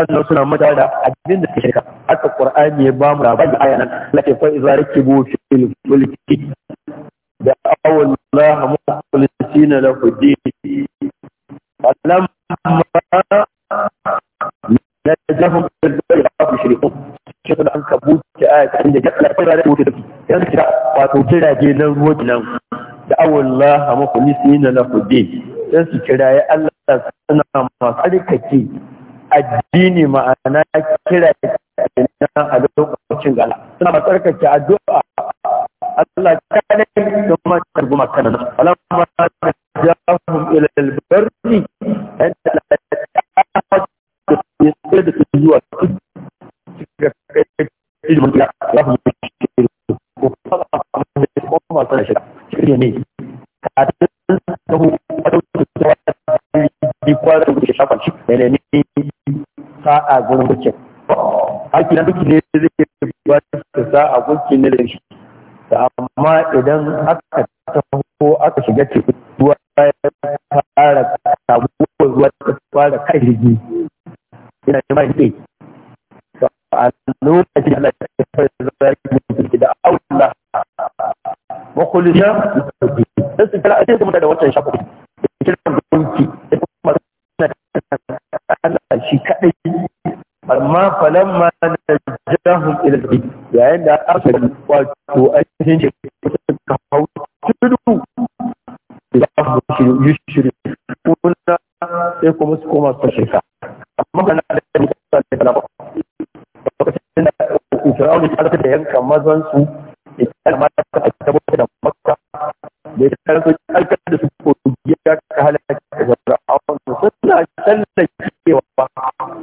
sannan suna mata da abin da shirka haka qur'ani ya bamu labari aya nan lake fa idza rakibu fil fulki da awwal la mukhlisina lahu din lamma na jafin ƙarfi da ba su shirikun shi suna an kabu ta aya ta inda jaka da fara da wuce tafi yan kira wato jirage na ruwa nan da awallah a makulisi na lafudin yan su kira ya allah suna masu tsarkake addini ma'ana kira na a lokacin gala suna masu addu'a Allah ta nan da ilimin ya za shi da shi shi ne da da shi da ne ne ne ne da shi amma idan aka ta aka shiga teku ruwa ya fara sabuwar ruwa ta fara kai jirgi yana yi mai a lokacin da ya da su kira a cikin mutane da wancan shafa da kiran gunki da kuma na Allah shi kadai amma da jahum ila yayin da aka wato ainihin shi ka hau tudu da ku yushiri kuna sai kuma su koma su shirka amma kana da mutane da kana lokacin da da yanka mazansu su ya ka so alkar da su kogiya ka halaka fir'aun suna ba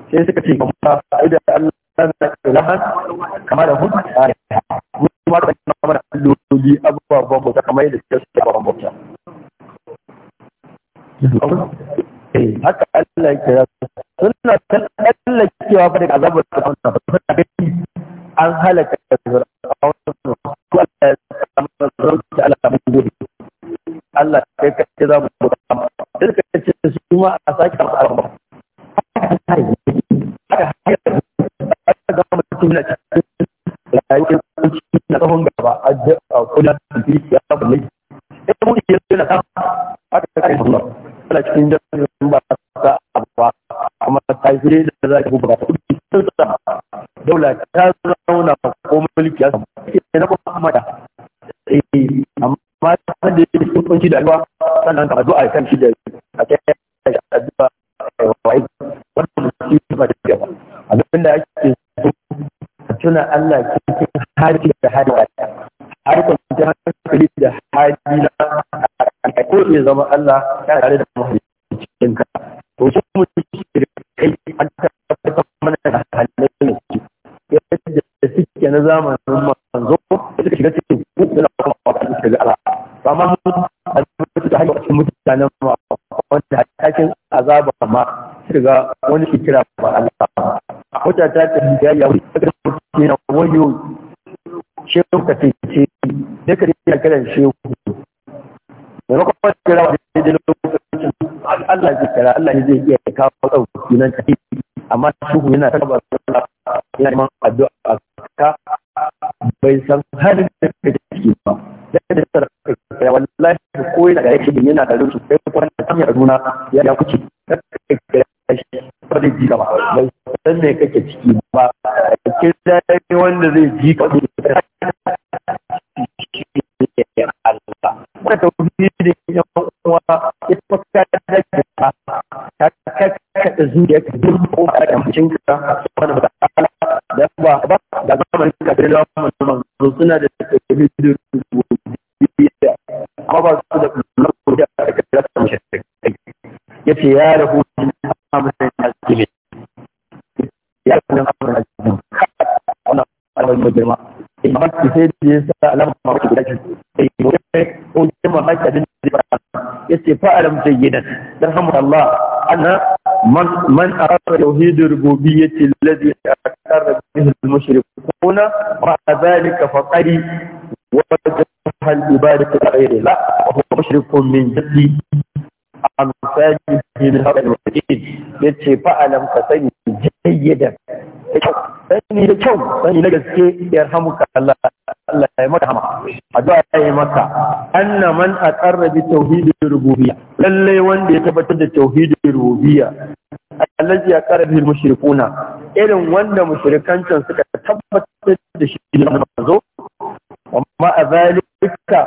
sai suka ce kuma idan Allah na ilahan kama da hun kuma da kuma da lodi abubuwan bauta kamar yadda suka suke abubuwan bauta eh, haka Allah ya kira suna tsallakewa fa daga azabar da kuma an halaka fir'aun addu'a kuna tafi ya yi yana ta aka kai Allah cikin da ko ka a ake har kwanta hankali da hajjina a ko zama Allah ya tare da ka. to shi mu shi da kai an tabbata mana da halin da yadda suke na zamanin manzo suka shiga cikin ku da kuma wata ga Allah ba ma mu a cikin hanyar mutanen mu wanda cikin azaba ma ga wani kira ba Allah a wata ta tafi ta yi wani wayo shehu ka ce ce da ka rika kiran shehu da maka kwanci kira wa da ya lokacin Allah ya kira Allah ya zai iya kawo ɗauki nan tafi amma shehu yana ta gaba yana ma addu'a a ka bai san har da ka ciki ba da da ka kira wallahi ko yana da yake yana da rusu sai kwanci da kamar aduna ya ya kuce ka kira shi ba da ji gaba san me kake ciki ba wanda zai ji ka da tauhidin yan uwa ya fuska da ka ta kakkada zuciya ka duk ko a kamcin ka subhanahu wa ta'ala da ba ba da zamanin ka da zamanin manzo suna da tauhidin rububiyya amma ba su da kullu da ka da mushrik yace ya rahu amalan azimi ya rahu amalan azimi wannan alwal girma. in ba ki sai da yasa alama ce dan jayyidan Allah ana man man arada tauhid rububiyyati alladhi aqarra bihi al-mushrikuna wa dhalika faqari wa jaha al-ibadatu ghayri la wa huwa mushrikun min jaddi amsaji min hada al-wajib yace fa'alam ka sani jayyidan sani da kyau sani na gaske yarhamuka Allah Allah ya maka hama addu'a ya yi maka anna man aqarra bi tauhidin rububiyya lalle wanda ya tabbatar da tauhid rububiyya allazi aqarra bi mushrikuna irin wanda mushrikan can suka tabbatar da shi da manzo amma a zalika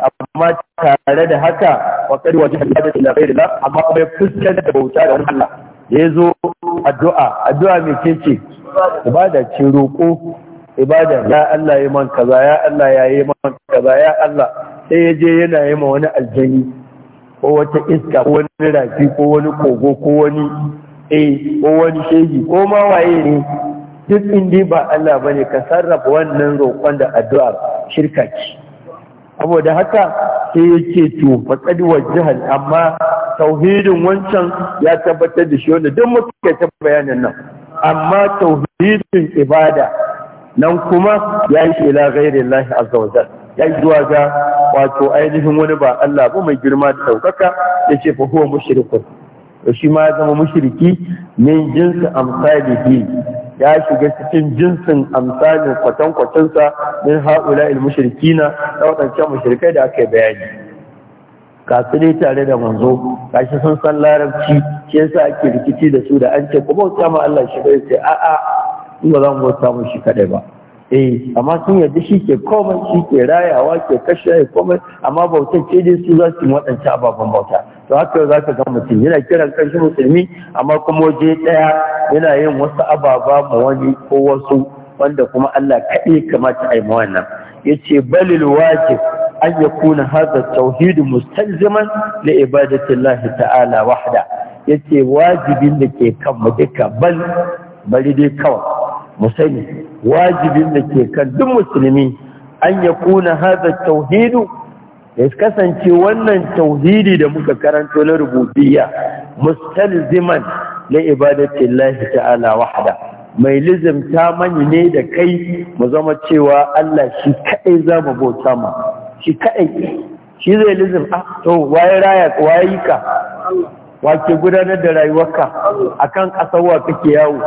amma tare da haka wa kadi da ibadati ila ghayrillah amma bai fuskar da bauta da wani Allah ya zo addu'a addu'a mai ce ce ibada ce roƙo ibada ya Allah yi man kaza ya Allah ya yi man kaza ya Allah sai ya je yana yi ma wani aljani ko wata iska ko wani rafi ko wani kogo ko wani eh ko wani shegi ko ma waye ne duk inda ba Allah bane ka sarrafa wannan roƙon da addu'a shirka ce saboda haka sai yake to faqad wajhal amma tauhidin wancan ya tabbatar da shi wanda duk muke ta bayanin nan amma tauhidin ibada nan kuma ya yi ila gairin lahi a wa ya yi zuwa ga wato ainihin wani ba Allah ba mai girma da ɗaukaka ya ce fa huwa mushrikun to shi ma ya zama mushriki min jinsi bi ya shiga cikin jinsin amsalin sa, min haula il mushrikina da wadancan mushrikai da aka bayani kasu ne tare da manzo kashi sun san larabci shi yasa ake rikici da su da an ce ku bauta ma Allah shi bai sai a'a su ba za mu bauta shi kadai ba eh amma sun yadda shi ke komai shi ke rayawa ke kashe komai amma bautar ce dai su za su yi ababen bauta to haka za ka ga mutum yana kiran kanshi musulmi amma kuma waje ɗaya yana yin wasu ababa ma wani ko wasu wanda kuma Allah kaɗai kamata a yi ma wannan yace balil wajib an yakuna hadha tauhid mustalziman li ibadati Allah ta'ala wahda yace wajibin da ke kan mu duka bal bari dai kawai mu sani wajibin da ke kan duk musulmi an ya kuna haza tauhidu ya kasance wannan tauhidi da muka karanto na rububiyya mustalziman na ibadatin ta'ala wahada mai lizimta mani ne da kai mu zama cewa Allah shi kaɗai za mu bauta ma shi kaɗai shi zai lizim a ah, to waye raya ka wace gudanar da rayuwarka a kan ƙasar wa kake yawo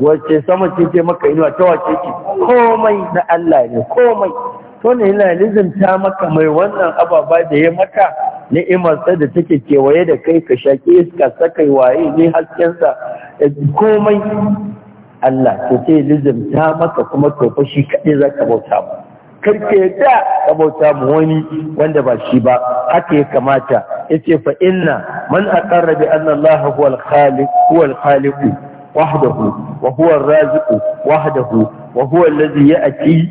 wace sama ce ce maka inuwa ta wace ce komai na Allah ne komai to ne yana nizinta maka mai wannan ababa da ya maka sai da take kewaye da kai ka shaƙi iska saka waye ne haskensa komai Allah to sai lizimta maka kuma to fa shi kaɗai za ka bauta mu karka da ka bauta mu wani wanda ba shi ba haka ya kamata ce fa inna man aqarra bi anna Allah huwa al-khaliq huwa al-khaliq wahdahu wa huwa ar-raziq wahdahu wa huwa alladhi ya'ti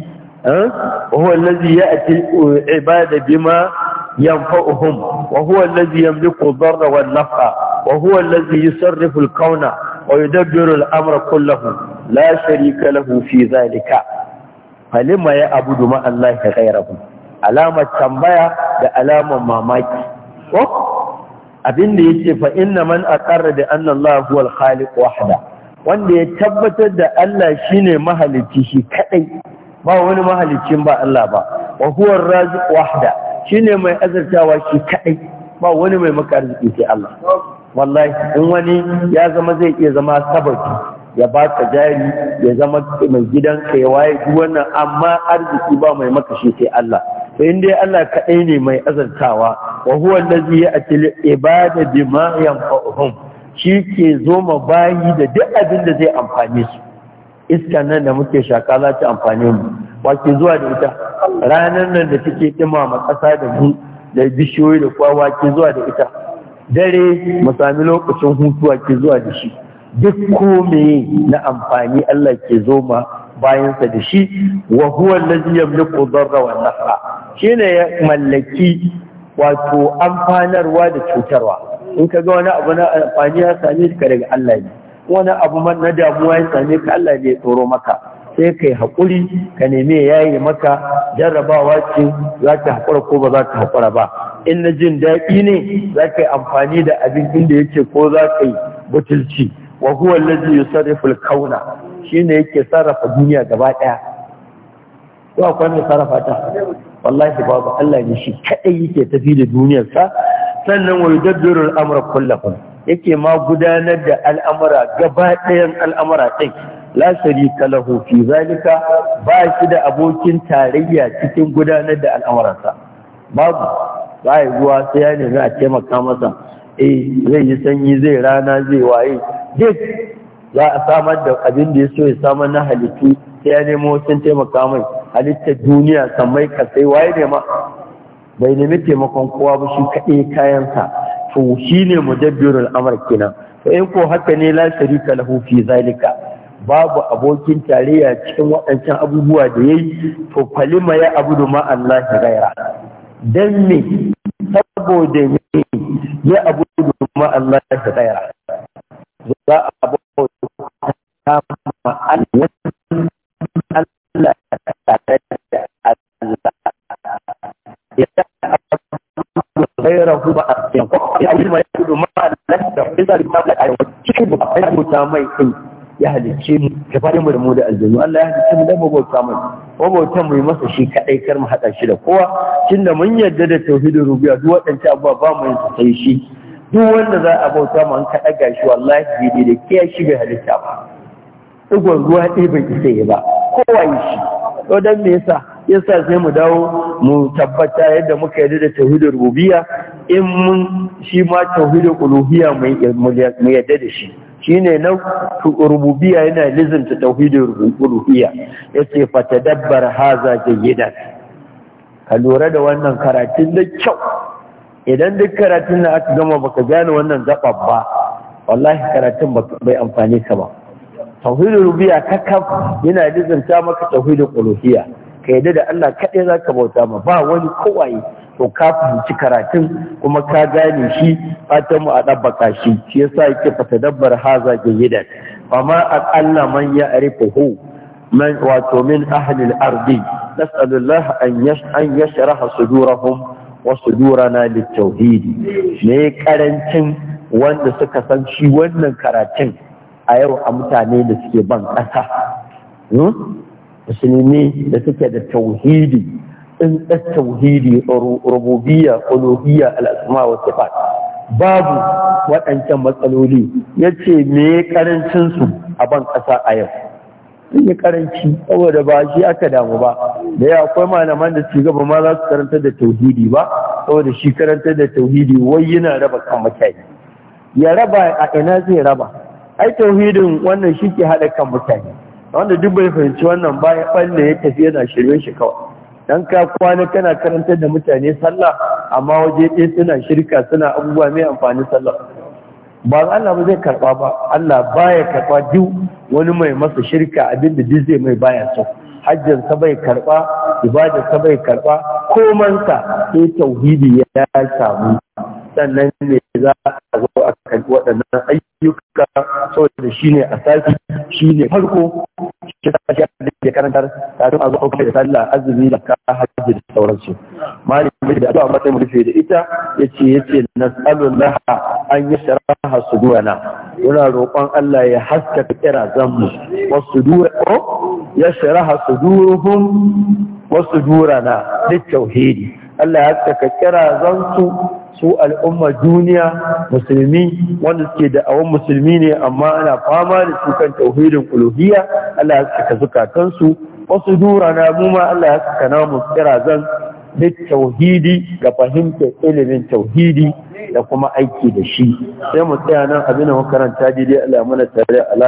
وهو الذي يأتي العباد بما ينفعهم وهو الذي يملك الضر والنفع وهو الذي يصرف الكون ويدبر الأمر كله لا شريك له falima ya abu duma Allah ya kairabu alamar tambaya da alamar mamaki ko abinda ya ce fa inna man aqarra da anna Allah huwa al-khaliq wahda wanda ya tabbatar da Allah shi ne mahalicci shi kadai ba wani mahalicci ba Allah ba wa huwa ar-raziq shi ne mai azartawa shi kadai ba wani mai maka arziki sai Allah wallahi in wani ya zama zai iya zama sababi ya ba ka jari ya zama mai ka ya waye duk wannan amma arziki ba mai makashi sai Allah sai dai Allah kaɗai ne mai azantawa wa huwa allazi ya'til ibada bima yanfa'uhum shi ke zo ma bayi da duk abin da zai amfane su iska nan da muke shaka za ta amfane mu ke zuwa da ita ranar nan da take dumama ƙasa da mu da bishiyoyi da kwawa ke zuwa da ita dare mu sami lokacin hutuwa ke zuwa da shi duk kome na amfani Allah ke zo zoma bayansa da shi wa huwa allazi yamliku darra wa nafa shine ya mallaki wato amfanarwa da cutarwa in ka ga wani abu na amfani ya same ka daga Allah ne wani abu na damuwa ya same ka Allah ne ya tsoro maka sai kai hakuri ka neme yayi maka jarrabawa ce za ta haƙura ko ba za ta haƙura ba in na jin daɗi ne za ka yi amfani da abin inda yake ko za ka yi butulci wa huwa allazi yusarrifu al-kauna shine yake sarrafa duniya gaba daya to akwai mai sarrafa ta wallahi babu Allah ne shi kadai yake tafi da duniyar sa sannan wa yudabbiru al-amra kullahu yake ma gudanar da al'amura gaba dayan al'amura din la sharika lahu fi zalika ba shi da abokin tarayya cikin gudanar da al'amuransa babu ba ruwa sai ya nemi a taimaka masa eh zai yi sanyi zai rana zai waye duk za a samar da abin da ya so ya samar na halittu sai ya nemo sun taimaka mai halittar duniya sammai kasai waye ne ma bai nemi taimakon kowa ba shi kaɗai kayansa to shi ne mudabbirul amr kenan to in ko haka ne la sharika lahu fi zalika babu abokin tarayya cikin waɗancan abubuwa da yayi to falima ya abudu ma Allah ghaira dan me saboda me ya abu Kuma Allah ta tsaya za a bauta ma Allah Allah ta tsaya Allah ya ta غيره ta ta ta mu ka fara mu da mu da aljanu Allah ya halicce mu da mabauta mai mabauta mai masa shi kadai kar mu hada shi da kowa tunda mun yarda da tauhidin rubiya duk waɗancan abubuwa ba mu yin sai shi duk wanda za a bauta ma an ka gashi shi wallahi bai da ke shi bai halitta ba ɗigon ruwa ɗaya bai isa yi ba kowa yi shi to dan me yasa yasa sai mu dawo mu tabbata yadda muka yarda da tauhidul rububiyya in mun shi ma tauhidul uluhiyya mu yadda da shi shine na rububiyya yana lizinta tauhidul uluhiyya yace fa tadabbar haza jayyidan ka lura da wannan karatun da kyau idan duk karatun na aka gama baka gane wannan gaɓar ba wallahi karatun bai amfani ka ba tauhidin rubiya kakaf yana dizanta maka tauhidin uluhiyya ka yadda da Allah kaɗai za ka bauta ma ba wani kowaye to ka fahimci karatun kuma ka gane shi fatan mu a ɗabbaka shi shi yasa yake fata dabbar haza jayyidan amma aqalla man ya'rifuhu man wato min ahli al-ardi nas'alullaha an yash an yashraha sudurahum wasudurana littauhidi ne karancin wanda suka san shi wannan karatun a yau a mutane da suke ban ƙasa hmm? musulmi da suke da tauhidi in ɗan tauhidi rububiyya uluhiyya al'asma wa sifat babu waɗancan matsaloli ya ce me karancin su a ban ƙasa a yau sun yi karanci saboda ba shi aka damu ba da ya akwai malaman da ci gaba ma za su karanta da tauhidi ba saboda shi karantar da tauhidi wai yana raba kan mutane ya raba a ina zai raba ai tauhidin wannan shi ke haɗa kan mutane wanda duk bai fahimci wannan ba ya balle ya tafi yana shirye shi kawai dan ka kwana kana karantar da mutane sallah amma waje ɗaya suna shirka suna abubuwa mai amfani sallah ba Allah ba zai karba ba Allah baya karba duk wani mai masa shirka abinda duk zai mai baya so hajjin sa bai karba ibada sa bai karba komansa sai tauhidi ya samu sannan ne za a zo a kan waɗannan ayyuka saboda shi ne a sati shi ne farko shi ta shi da ke karantar kafin a zo a kai sallah azumi da ka hajji da sauransu malami da addu'a matsayin rufe da ita yace yace nas'alullaha an yi su yashraha na? muna roƙon Allah ya haska haskaka zan mu wasu dura ya su wasudur wasu dura na da tauhidi Allah ya haska ka haskaka zan su su al'umma duniya musulmi wanda suke da awon musulmi ne amma ana fama da su kan tauhidin uluhiyya Allah ya saka zukatansu wasu dura na mu ma Allah ya saka na mu kirazan da tauhidi ga fahimtar ilimin tauhidi da kuma aiki da shi sai mu tsaya nan abin da makaranta daidai Allah mana tare ala